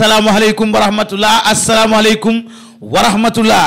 asalaamaaleykum wa rahmatullah asalaamaaleykum wa rahmatullah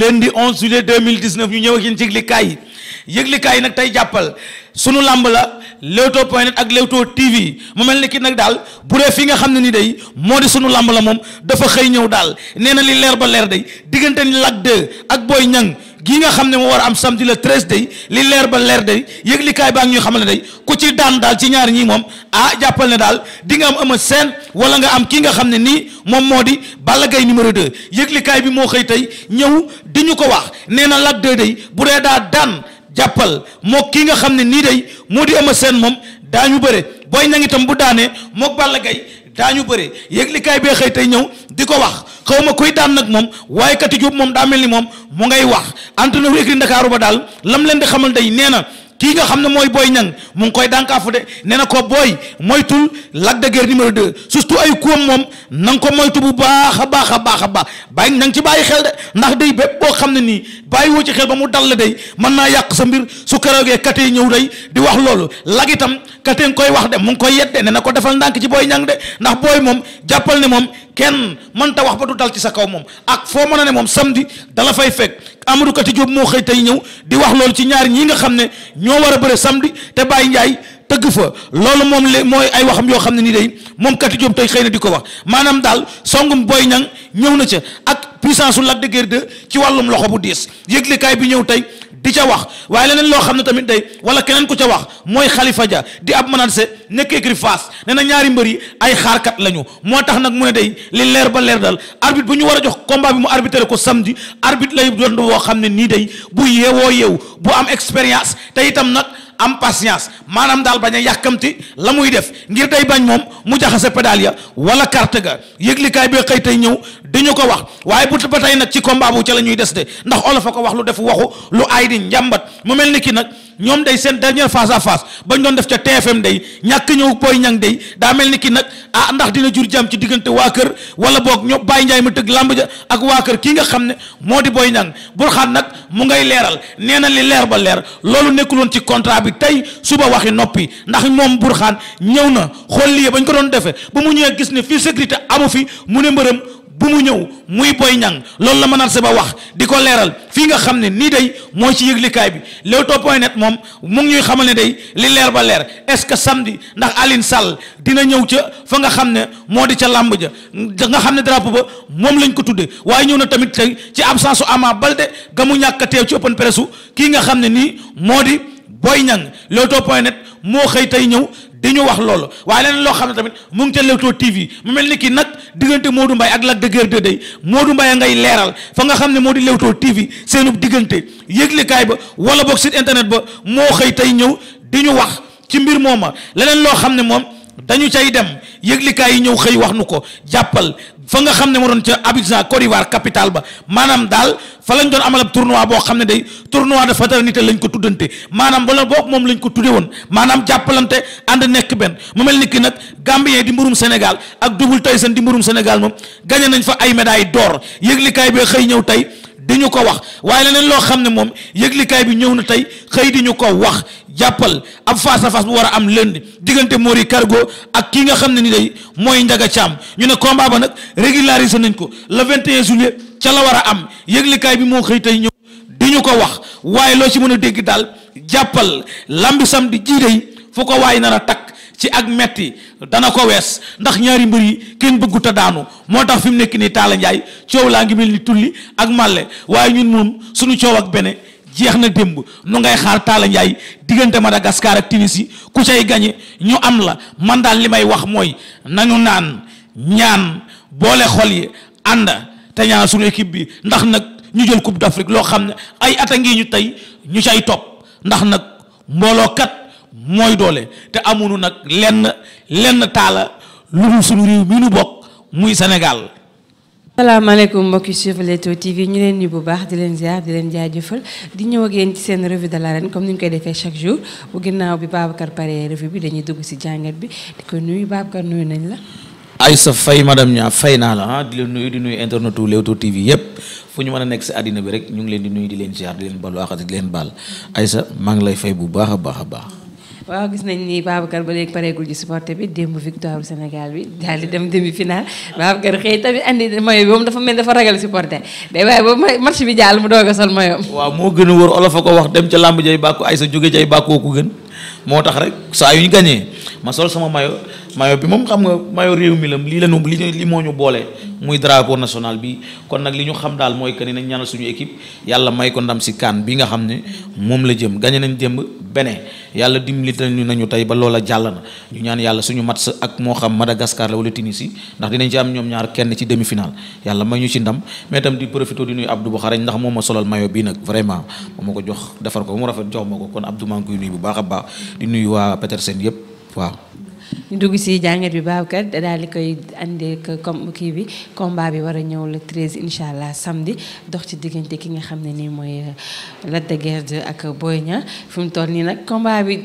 lundi 11 juillet 2019 ñu ñëw ak yéen ci yëglikaay yi yëglikaay yi nag tey jàppal suñu làmb la. Leewtoo point net ak Leewtoo TV mu mel ni kii nag daal bu dee fi nga xam ne ni day moo di suñu làmb la moom dafa xëy ñëw daal nee na li leer ba leer day diggante ni Lac 2 ak Boy Niang gi nga xam ne moo war a am samedi le treize day li leer ba leer day yëglikaay baa ngi ñuy xamal ne day ku ci daan daal ci ñaar ñii moom ah jàppal ne daal di nga am Eumeu Sène wala nga am kii nga xam ne nii moom moo di Balla Gaye numéro 2 yëglikaay bi moo xëy tey ñëw di ñu ko wax nee na Lac 2 day bu dee daa daan jàppal moo kii nga xam ne nii day moo di Eumeu Sène moom daañu bëre booy ña ngi tam bu daanee mook Balla Gaye daañu bëre yëglikaay bee xëy tey ñëw di ko wax. xaw ma koy daan nag moom waaye kati Jóob moom daa mel ni moom mu ngay wax entraîneur écurie Ndakaaru ba daal lam leen di xamal day nee na kii nga xam ne mooy Boy Niang mu ngi koy dànkaafu de nee na ko booy moytul Lac de Guiers numéro 2 surtout ay kuwam moom na nga ko bu baax a baax a baax a baax bàyyi na nga ci bàyyi xel de ndax day bépp boo xam ne nii bàyyi woo ci xel ba mu dal la day mën naa yàq sa mbir su keroogee kate yi ñëw day di wax loolu lag itam kate nga koy wax de mu ngi koy yet de nee na ko defal ndànk ci booy Niang de ndax booy moom jàppal ne moom kenn mënta wax ba du dal ci sa kaw moom ak foo mën a ne moom samedi dala fay fekk Amadou Kati Diop moo xëy tey ñëw di wax loolu ci ñaar ñii nga xam ne ñoo war a bëre samedi te Baye Ndiaye tëgg fa loolu moom le mooy ay waxam yoo xam ne nii day moom Kati Diop tey xëy na di ko wax maanaam daal songum Boy Niang ñëw na ca ak puissance su Lac de Guiers ci wàllum loxo bu dees yëglekaay bi ñëw tey di ca wax waaye leneen loo xam ne tamit day wala keneen ku ca wax mooy xalifa ja di ab se nekk écurie Fass nee na ñaari mbër yi ay xaarkat lañu moo tax nag mu ne day li leer ba leer dal arbitre bu ñu war a jox combat bi mu arbitré ko samedi arbitre lay doon boo xam ne nii day bu yeewoo yeew bu am expérience tey itam nag am patience maanaam daal bañ a yàkkamti la muy def ngir day bañ moom mu jaxase pédale ya wala carte ga yëglikaay bi xëy tey ñëw di ñu ko wax waaye bu ba tey nag ci combat bu ca la ñuy des de ndax olof a ko wax lu def waxu lu aay di njàmbat mu mel ni ki nag ñoom day seen dernière face à face bañ doon def ca TFM day ñàkk ñëw Boy Niang day daa mel ni ki nag ah ndax dina jur jam ci diggante waa kër wala boog ñoom Baye Ndiaye mu tëgg làmb ja ak waa kër kii nga xam ne moo di Boy ñan bul xaat nag mu ngay leeral nee na li leer ba leer loolu nekkuloon ci contrat bi tey suba waxi noppi ndax moom burxaan ñëw na xool lii bañ ko doon defee ba mu ñëwee gis ne fii sécurité amu fi mu ne mbërëm bu mu ñëw muy Boy Niang loolu la se ba wax di ko leeral fii nga xam ne nii day mooy ci yëglikaay bi Leewtoo point net moom mu ngi ñuy xamal ne day li leer ba leer est-ce que samedi ndax alin Sall dina ñëw ca fa nga xam ne moo di ca làmb ja nga xam ne drapeau ba moom lañ ko tuddee waaye ñëw na tamit tey ci absence su Ama Baldé ga mu ñàkk a teew ci open presse kii nga xam ne nii moo di Boy Niang Leewtoo point moo xëy tey ñëw di ñu wax loolu waaye leneen loo xam ne tamit mu ngi ca Leewtoo TV mu mel ni kii nag diggante du mbay ak Lac de Guiers 2 day mbay Mbaye ngay leeral fa nga xam ne moo di Leewtoo TV seenub diggante yëglekaay ba wala boog site internet ba moo xëy tey ñëw di ñu wax ci mbir mooma leneen loo xam ne moom dañu cay dem yëglikaay yi ñëw xëy wax nu ko jàppal fa nga xam ne moo doon ca Abidjan Côte d'Ivoire capitale ba maanaam daal fa lañ doon amal ab tournoi boo xam ne day tournoi de fraternité lañ ko tuddante maanaam bala boo moom lañ ko tudde woon maanaam jàppalante ànd nekk benn mu mel ni ki nag Gambien di mburum Sénégal ak tey seen di mburum Sénégal moom gagné nañ fa ay médailles d'or yëglikaay bi xëy ñëw tey di ñu ko wax waaye leneen loo xam ne moom yëglikaay bi ñëw na tey xëy di ñu ko wax jàppal ab face à face bu war a am lundi diggante Mori Cargo ak kii nga xam ne ni day mooy Ndiaga Thiam ñu ne combat ba nag régularisé nañ ko le 21 juillet ca la war a am yëglikaay bi moo xëy tey ñëw di ñu ko wax waaye loo ci mën a dégg daal jàppal lambi samedi jii day fu ko waay nar a takk ci ak metti dana ko wees ndax ñaari mbër yi kenn bëggut a daanu moo tax fi mu nekk nii Talla Ndiaye coow laa ngi mel ni tulli ak màlle waaye ñun moom suñu coow ak bene jeex na démb nu ngay xaar Talla Ndiaye diggante Madagascar ak yi ku cay gañe ñu am la man daal li may wax mooy nañu naan ñaan boole xol yi ànd te ñaan suñu équipe bi ndax nag ñu jël coupe d'Afrique loo xam ne ay at ngi ñu tey ñu cay topp ndax nag mbooloo kat mooy doole te amuñu nag lenn lenn taala lu dul suñu réew mi nu bokk muy Sénégal. salaamaaleykum mbokki suivre Leewtoo TV ñu leen ñu bu baax di leen ziar di leen jaajëfal di ñëw ak yéen seen revue de l'arène comme ni ñu koy defee chaque jour bu ginnaaw bi Babacar pare revue bi dañuy dugg si jàngat bi di ko nuyu Babacar nuyu nañ la. Aïssa Faye madame Niang fay naa la ah di leen nuyu di nuyu internetu Leewtoo TV yëpp fu ñu mën a nekk si àddina bi rek ñu ngi leen di nuyu di leen ziar di leen baal waaxati di leen baal aysa maa ngi lay fay bu baax a baax a baax. waaw gis nañ ni Babacar ba léegi pareegul ci supporté bi démb victoire Sénégal bi daal di dem demi final Babacar xëy tamit andi mayo bi moom dafa mel dafa ragal supporté day waaye ba match bi jàll mu doog a sol mayo waaw moo gën a wóor olof a ko wax dem ca làmb jay bàkku ay sa jóge jay bàkkoo ko gën moo tax rek saa yu ñu gañee ma sol sama mayo mayo bi moom xam nga mayo réew mi la lii la ñu li li moo ñu boole muy drapeau national bi kon nag li ñu xam daal mooy que ni nañ ñaanal suñu équipe yàlla may ko ndam si kaan bi nga xam ne moom la jëm gañe nañ démb bene yàlla dimbali nañu nañu tey ba loola jàll na ñu ñaan yàlla suñu mat match ak moo xam Madagascar la wala Tunisie ndax dinañ ci am ñoom ñaar kenn ci demi final yàlla may ñu ci ndam mais itam di profité di nuyu Abdou bu xarañ ndax moom ma solal mayo bi nag vraiment moo ma ko jox defar ko mu rafet jox ma ko kon Abdou maa ngi koy bu baax a baax di nuyu waa Petersen yëpp waaw. ñu dugg si jàngat bi Babacar daal di koy andee comme kii bi combat bi war a ñëw le 13 incha allah samedi dox ci diggante ki nga xam ne nii mooy Lac de ak Boy Niang fi mu toll nii nag combat bi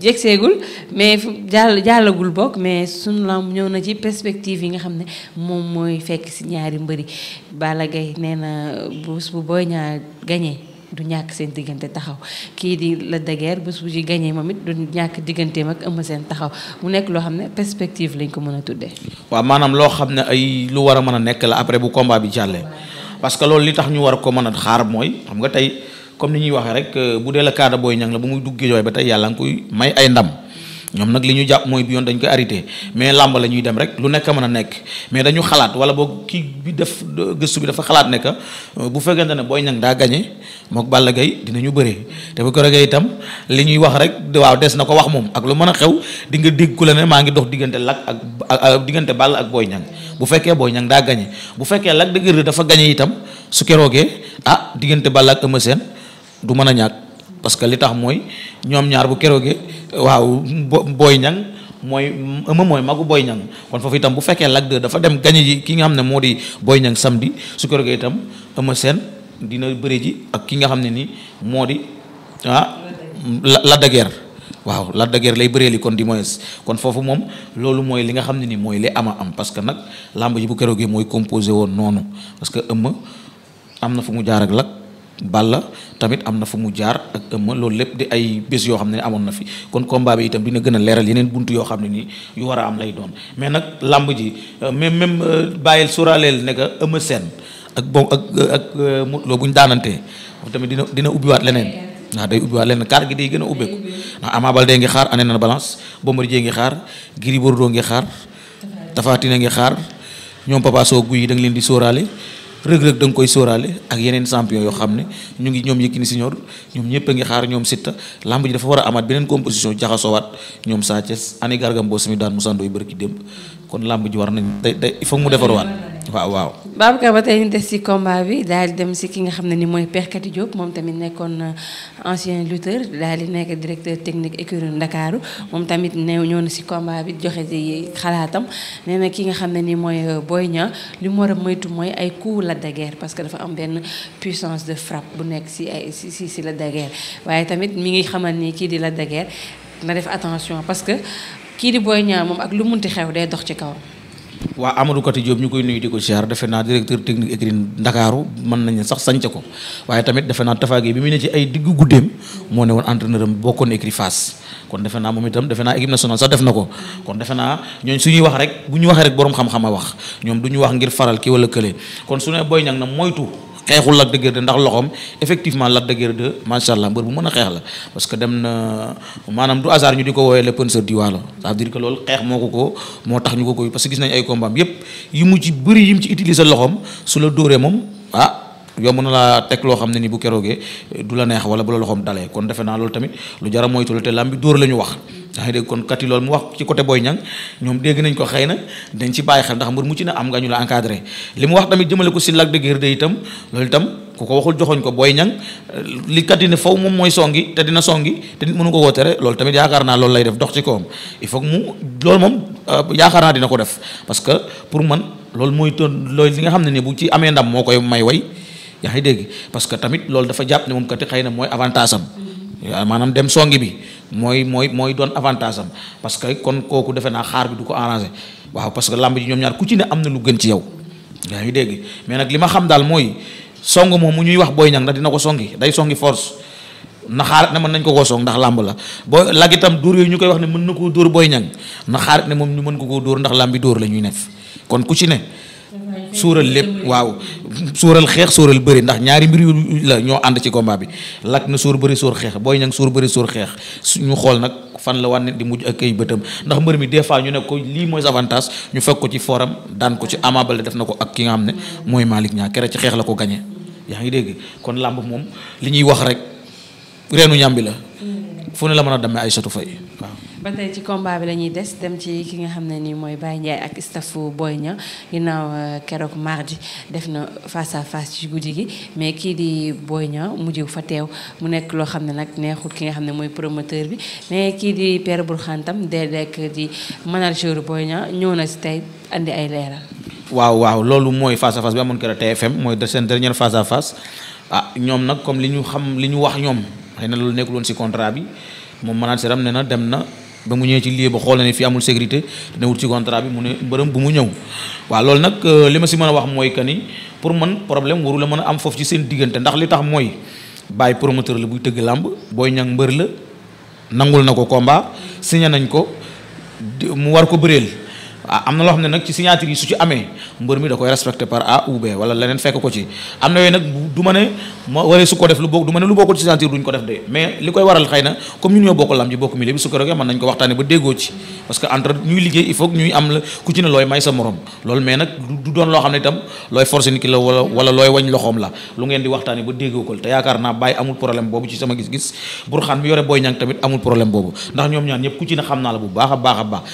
jegseegul mais jàll jàllagul bokk mais su lamb ñëw na ci perspective yi nga xam ne moom mooy fekk si ñaari mbëri bala Gaye nee na bu bu Boy du ñàkk seen diggante taxaw kii di la daguère bés bu ci gagné moom it du ñàkk digganteem ak Eumeu seen taxaw mu nekk loo xam ne perspective lañ ko mën a tuddee. waaw maanaam loo xam ne ay lu war a mën a nekk la après bu combat bi jàllee parce que loolu li tax ñu war ko mën a xaar mooy xam nga tey comme ni ñuy waxee rek euh, bu dee la kaada booy ñang la bu muy duggee jooy ba tey yàlla nga koy may ay ndam. ñoom nag li ñu jàpp mooy bi yoon dañ koy arrêté mais làmba la ñuy dem rek lu nekk mën a nekk mais dañu xalaat wala boog kii bi def gëstu bi dafa xalaat ne que euh, bu fekkente ne Boy Niang daa gagné Balla Gaye dinañu bëree te bu ko regee itam li ñuy wax rek waaw des na ko wax moom ak lu mën a xew di nga dégg ku la ne maa ngi dox diggante Lac ak diggante Balla ak Boy Niang bu fekkee booy Niang daa gagné bu fekkee Lac de Guiers dafa gagné itam su keroogee ah diggante Balla ak Eumeu seen du mën a ñàkk parce que li tax mooy ñoom ñaar bu keroogee waaw booy ñang mooy ëma mooy magu booy ñang kon foofu itam bu fekkee lag 2 dafa dem gañe ji kii nga xam ne moo di booy ñang samedi su keroogee itam ëma seen dina bëri ji ak kii nga xam ne nii moo di ah la de waaw la de lay bëree li kon di kon foofu moom loolu mooy li nga xam ne ni mooy li ama am parce que nag làmb ji bu keroogee mooy composé woon noonu parce que am na fu mu jaar ak Lac la tamit am na fu mu jaar ak ëmma loolu lépp di ay bés yoo xam ne amoon na fi kon combat bi itam dina gën a leeral yeneen bunt yoo xam ne nii yu war a am lay doon mais nag làmb ji euh, même même euh, bàyyil suuraaleel ne que Eumeu Sène ak bon ak euh, ak Modou Lo bu ñu daanantee tamit dina dina ubbiwaat leneen waaw day ubbiwaat leneen kaar gi day gën a ubbeeku ndax Ama Baldé ngi xaar année na balance Bombardier ngi xaar Gris Bordeaux ngi xaar Tapha Tine ngi xaar ñoom Papa Sow yi da nga leen di sóoraale rëg-rëg da nga koy sóoraale ak yeneen sampion yoo xam ne ñu ngi ñoom Yékini senior ñoom ñëpp a ngi xaar ñoom Siteu lamb ji dafa war a amaat beneen composition jaxasoowaat ñoom Sa Thiès ani Garga Mbossé mi daan Moussa Ndoye bërki démb kon làmb ji war nañ day day il faut mu defarwaat waaw waaw. Babacar ba tey ñu des ci combat bi daal di dem ci ki nga xam ne ni mooy Père Kati Diop moom tamit nekkoon euh, ancien lutteur daal di nekk directeur technique écurie Ndakaaru moom tamit ne ñëw na ci combat bi joxe ci xalaatam nee na ki nga xam ne ni mooy euh, booy Niang li mu war a moytu mooy ay coups la de parce que dafa am benn puissance de frappe bu nekk ci ay ci la ci waaye tamit mu ngi xamal ni kii di la de na def attention parce que. kii di Boy Niang moom ak lu mun munti xew day dox ci kawam. waa Amadou Kati Diop ñu koy nuyu di ko siyaar defe naa directeur technique écurie Ndakaaru mën nañu sax sanc ko waaye tamit defe naa Tafa Gueye bi mu ne ci ay diggu guddeem moo ne woon entraîneur am bokkoon écurie Fass kon defe naa moom itam defe naa équipe nationale sax def na ko kon defe naa ñooñ su ñuy wax rek bu ñu waxee rek boroom xam-xam a wax ñoom du ñu wax ngir faral kii wala kële kon su ne Boy Niang na moytu xeexul Lac de ndax loxoom effectivement Lac de Guiers macha allah mbër bu mën a xeex la parce que dem na maanaam du hasard ñu di ko woowee le penseur du Waalo ça veut xeex moo ko ko moo tax ñu ko koy parce que gis nañ ay combat yépp yi mu ci bëri yi mu ci utiliser loxoom su la dóoree moom ah. yomb na laa teg loo xam ne ni bu keroogee du la neex wala bu la loxoom dalee kon defe naa loolu tamit lu jara moytu la te lam bi dóor la ñu wax yaa ngi dégg kon kat lool loolu mu wax ci côté booy Niang ñoom dégg nañ ko xëy na dañ ci bàyyi xel ndax mbër mucc na am nga ñu la encadré li mu wax tamit jëmale ko si Lac de Guiers itam loolu itam ku ko waxul joxoñ ko booy Niang li kat yi ne foofu moom mooy songi te dina songi te nit mënu ko wootere loolu tamit yaakaar naa loolu lay def dox ci kawam il faut mu loolu moom euh, yaakaar naa dina ko def parce que pour man loolu mooy toon loolu li nga xam ne ni bu ci amee ndam moo koy may way yaa ngi dégg parce que tamit loolu dafa jàpp ne moom kat xëy na mooy avantage am maanaam dem songi bi mooy mooy mooy doon avantage am parce que kon kooku defe naa xaar bi du ko arrangé waaw parce que làmb ji ñoom ñaar ku ci ne am na lu gën ci yow yaa ngi dégg mais nag li ma xam daal mooy song moom mu ñuy wax Boy Niang dina ko songi day songi force na xaarit ne mën nañ ko koo song ndax làmb la boo lag itam dóor ñu koy wax ne mën na koo dóor Boy Niang na xaarit ne moom ñu mën ko koo dóor ndax làmb dóor la ñuy neef kon ku ci ne suural lépp waaw suural xeex suural bëri ndax ñaari mbir yu la ñoo ànd ci combat bi Lac na suur bëri suur xeex booy Niang suur bëri suur xeex ñu xool nag fan la wane di mujj ak ay bëtam ndax mbër mi des fois ñu ne ko lii mooy avantage ñu fekk ko ci forum daan ko ci Ama def na ko ak ki nga xam ne mooy Malick Niang kere ci xeex la ko gagné yaa ngi dégg kon làmb moom li ñuy wax rek reenu ñàmbi la mm. fu ne la mën a demee ay soto fay ba tey ci combat bi la ñuy des dem ci ki nga xam ne nii mooy Baye Ndiaye ak staffu Boy Niang ginnaaw euh, keroog mardi def na face à face ci guddi gi mais kii di Boy Niang mujj fa teew mu nekk loo xam ne nag neexul ki nga xam ne mooy promoteur bi kii di Père Bourkhane tam dee dekk di manager Boy Niang ñëw na si tey andi ay leeral. waaw waaw loolu mooy face à face bi amoon keroog TFM mooy seen dernière face à face ah ñoom comme li ñu xam li ñu wax ñoom xëy na loolu si contrat bi ne na dem na. ba mu ñëwee ci lieu ba xool na ne fii amul sécurité dina wut ci contrat bi mu ne bërëm bu mu ñëw waa loolu nag euh, li ma si mën a wax mooy que ni pour man problème waru la mën a am foofu ci seen diggante ndax li tax mooy bàyyi promoteur la buy tëgg làmb booy ñang mbër la nangul na ko combat signé nañ ko mu war ko bëreel ah am na loo xam ne nag ci signature yi su ci amee mbër mi da koy respecté par A ou B leneen fekk ko ci am na yooyu nag du ma ne ma waree su ko def lu bokk du ma ne lu bokkul ci signature duñ su ci parce que entre ñuy liggéey il faut ñuy am la ku ci loo xam la wala wala looy wañ loxoom la lu ngeen ko ci sama gis la bu baax a baax a baax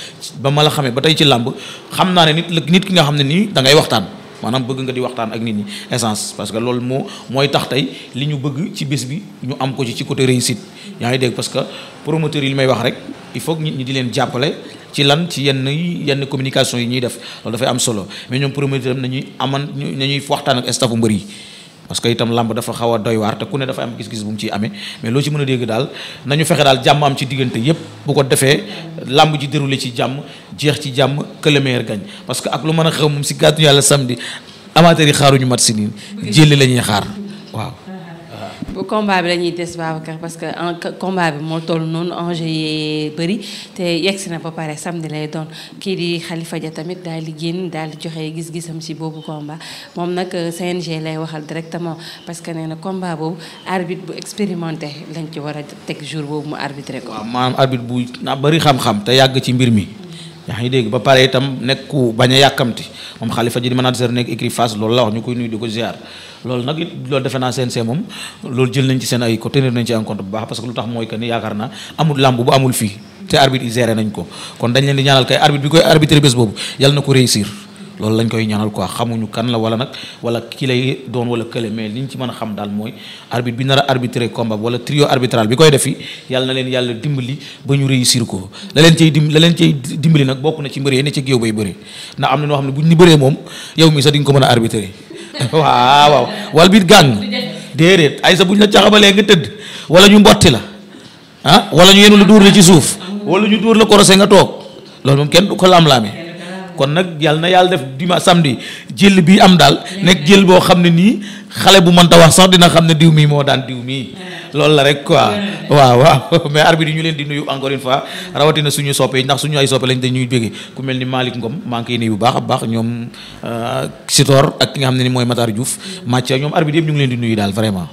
ba ma la xamee ba tey ci lam ba xam naa ne nit la nit ki nga xam ne nii da ngay waxtaan maanaam bëgg nga di waxtaan ak nit ñi essence parce que loolu moo mooy tax tey li ñu bëgg ci bés bi ñu am ko ci ci côté réussite yaa ngi dégg parce que promoteur yi li may wax rek il faut que nit ñi di leen jàppale ci lan ci yenn yenn communication yi ñuy def loolu dafay am solo mais ñoom promoteur am nañuy aman na ñuy waxtaan ak staff mbër yi parce que itam lamb dafa xaw a doy waar te ku ne dafa am gis-gis bu mu ciy amee mais loo ci mën a dégg daal nañu fexe daal jàmm am ci diggante yépp bu ko defee làmb ji déroulé ci jàmm jeex ci jàmm que le meilleur parce que ak lu mën a xew moom si gàttu yàlla samedi amateur yi ñu mat si nii jëlli la ñuy xaar waaw bu bi lañuy des Babacar parce que en combat bi moo toll noonu enjeu yi bëri te yegsi na ba pare samdi lay doon kii di xalifa ja tamit daal di génn daal di joxe gis-gisam si boobu combat moom nag euh, CNG lay waxal directement parce que nee na combat boobu arbitre bu expérimenté lañ ci war a teg jour boobu mu arbitré ko. waaw maanaam arbitre bu na bari xam-xam te yàgg ci mbir mi. yaa ngi dégg ba pare itam nekk ku bañ a yàkkamti moom xalifa ji di manager nekk écrit face loolu la wax ñu koy nuyu di ko ziar loolu nag loolu defe naa CNG moom loolu jël nañ ci seen ay ko tenir nañ ci en compte bu baax parce que lu tax mooy que yaakaar naa amul làmb bu amul fii te arbitre yi géré nañ ko kon dañ leen di ñaanal kay arbitre bi koy arbitre bés boobu yàlla na ko réussir loolu lañ koy ñaanal quoi xamuñu kan la wala nag wala ki lay doon wala kële mais liñ ci mën a xam daal mooy arbitre bi nar a arbitrer wala trio arbitral bi koy def fi yàlla leen yàlla dimbali ba ñu réussir ko la leen cay dim la leen cay dimbali nag bokk na ci mbëree ne ci géew bay bëree ndax am na ñoo xam ne buñ ni bëree moom yow mi sax di ko mën a arbitrer waaw waaw wal biit gàng ay sa buñ la caxabalee nga tëdd wala ñu mbotti la ah wala ñu yenu la dóor la ci suuf wala ñu dóor la korosé nga toog loolu moom kenn du ko lam-laamee kon nag yàlla na yàlla def dimanche samedi jël bi am daal nekk jël boo xam ne nii xale bu mënta wax sax dina xam ne diw mii moo daan diw mii loolu la rek quoi waaw waaw mais arbitre yi ñu leen di nuyu encore une fois rawatina suñu soppe yi ndax suñu ay soppe lañ dañuy jóge ku mel ni Malick Ngom maa ngi koy nuyu bu baax a baax ñoom euh, Sitor ak ki nga xam ne ni mooy Matar Diouf Mathia ñoom arbitre yëpp ñu ngi leen di nuyu daal vraiment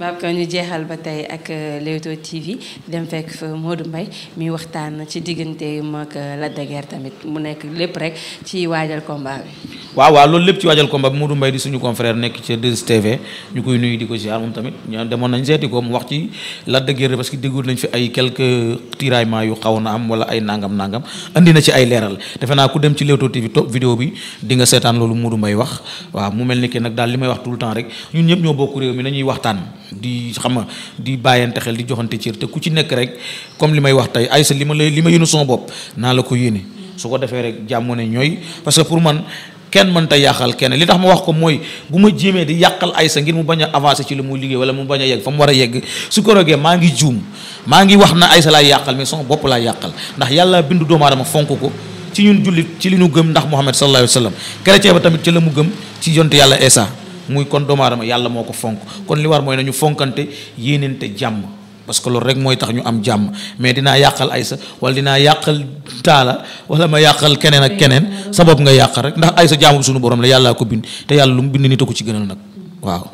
baab ko ñu jeexal ba tey ak euh, Leewtoo TV dem fekk fa Modou Mbaye mi waxtaan ci diggante ak euh, Lac de Guiers tamit mu nekk lépp rek ci waajal combat bi. waaw waaw loolu lépp ci waajal combat bi Modou Mbaye di suñu confrère nekk ci 2STV ñu koy nuyu di ko ziar moom tamit ñoo demoon nañ seeti ko mu wax ci Lac de Guiers parce que déggoon nañ fi ay quelques tiraillements yu xaw na am wala ay nangam nangam andi na ci ay leeral defe naa ku dem ci Leewtoo TV top vidéo bi di nga seetaan loolu Modou Mbaye wax waaw mu mel ni que daal li may wax tout le temps rek ñun ñëpp di xama di bàyyante xel di joxante cër te ku ci nekk rek comme li may wax tey ay sa li ma la li ma yéene sama bopp naa la ko yéene su ko defee rek jàmmo ne ñooy parce que pour man kenn te yàqal kenn li tax ma wax ko mooy bu ma jéemee di yàqal ay sa ngir mu bañ a avancer ci la mu liggéey wala mu bañ a yegg fa mu war a yegg su ko rogee maa ngi juum maa ngi wax na ay sa laay yàqal mais sama bopp laay yàqal ndax yàlla bindu doomu aadama fonk ko ci ñun jullit ci li ñu gëm ndax Muhammad sallallahu alayhi wa sallam chrétien ba tamit ci la mu gëm ci yonte yàlla Isa muy kon doomu aadama yàlla moo ko fonk kon li war mooy nañu fonkante yéenente jàmm parce que loolu rek mooy tax ñu am jàmm mais dinaa yàqal aysa wala dinaa yàqal taala wala ma yàqal keneen ak keneen sabab nga yàqal rek ndax aysa jaamu bi suñu borom la yàllaa ko bind te yàlla lu mu bind nit a ko ci gënal nag waaw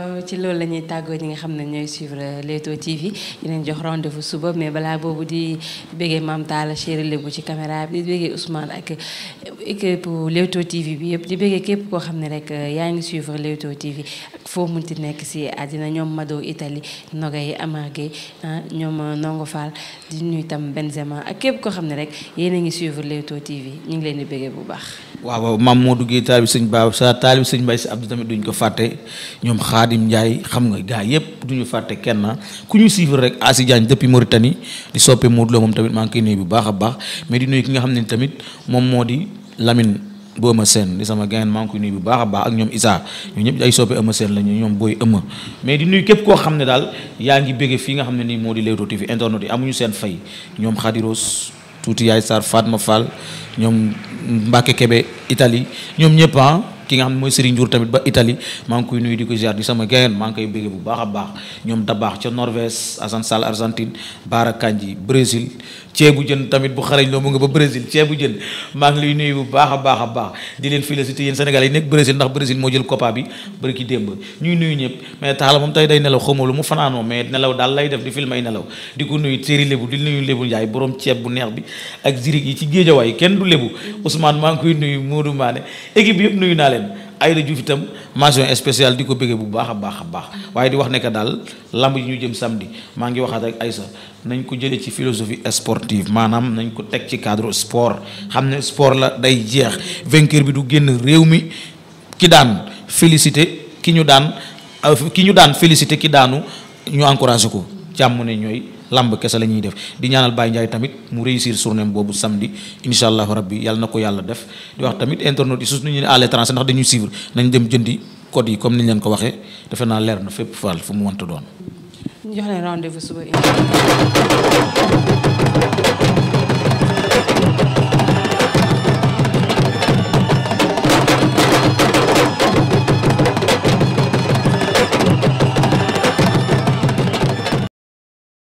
Euh, ci loolu la ñuy tàggoo ñi nga xam ne ñooy suivre Leewtoo TV ñu leen jox rendez-vous suba mais balaa boobu di bëggee Mame Talla Chéri Lébou ci caméra bi di bëggee Ousmane ak équipe Leewtoo TV bi yëpp di bëggee képp koo xam ne rek euh, yaa ngi suivre Leewtoo TV ak foo munti nekk si àddina ñoom Mado Italie Nogay Amar Gueye ah, ñoom euh, Ndongo Fall di nuyu tam ak képp koo xam ne rek yéen a ngi suivre Leewtoo TV ñu ngi leen di bëggee bu baax. waaw maam moo duggee taalib sëñ Ba sa taalib sëñ Mbaye si Abdou tamit duñ ko fàtte ñoom Xaadim Ndiaye xam nga gars yëpp duñu fàtte kenn ku ñu suivre rek Asi Diagne depuis Mauritanie di soppe Modou Lo moom tamit maa ngi bu baax a baax mais di nuyu ki nga xam ne tamit moom moo di Lamine Booma Sène di sama gain maa ngi koy nuyu bu baax a baax ak ñoom Issa ñoo ñëpp ay soppe Eumeu seen la ñu ñoom booy Eumeu mais di nuyu képp koo xam ne daal yaa ngi béggee fii nga xam ne nii moo di Leewtoo TV internet yi amuñu seen fay ñoom Khadiros tuuti Yaay Sarr Fatma Fall ñoom Mbacke Kebe Italie ñoom ñëpp ah. ki nga xam ne mooy Serigne Ndiour tamit ba Italie maa koy nuyu di ko ziar sama gayen maa koy bëgge bu baax a baax ñoom da baax ca Norvège Assane Argentine Baara Kanji Brésil ceebu jën tamit bu xarañ loo mu nga ba Brésil ceebu jën maa ngi lay nuyu bu baax a baax a baax di leen félicité yéen Sénégal yi nekk Brésil ndax Brésil moo jël Copa bi bëri ki démb ñuy nuyu ñëpp mais taala tey day nelaw xawma lu mu fanaanoo mais nelaw daal lay def di film ay nelaw di ko nuyu séri lébu di nuyu lébu Njaay borom ceeb bu neex bi ak zirig yi ci géejawaay kenn du lébu Ousmane maa ngi koy nuyu Modou Mané équipe ay Aïda Diouf itam mention spéciale di ko bëggee bu baax a baax a baax waaye di wax ne que daal lamb ji ñu jëm samedi maa ngi waxaat rek Aïssa nañ ko jëlee ci philosophie sportive maanaam nañ ko teg ci cadre sport xam ne sport la day jeex vainqueur bi du génn réew mi ki daan félicité ki ñu daan euh, ki ñu daan félicité ki daanu ñu encouragé ko jàmm ne ñooy. làmb kese la ñuy def di ñaanal Baye Ndiaye tamit mu réussir journée boobu samedi incha allahu rabbi yàlla na ko yàlla def di wax tamit internautes yi su ñu ne à l'étranger ndax dañuy suivre nañ dem jëndi code yi comme niñ leen ko waxee defe naa leer na fépp faal fu mu mënta doon.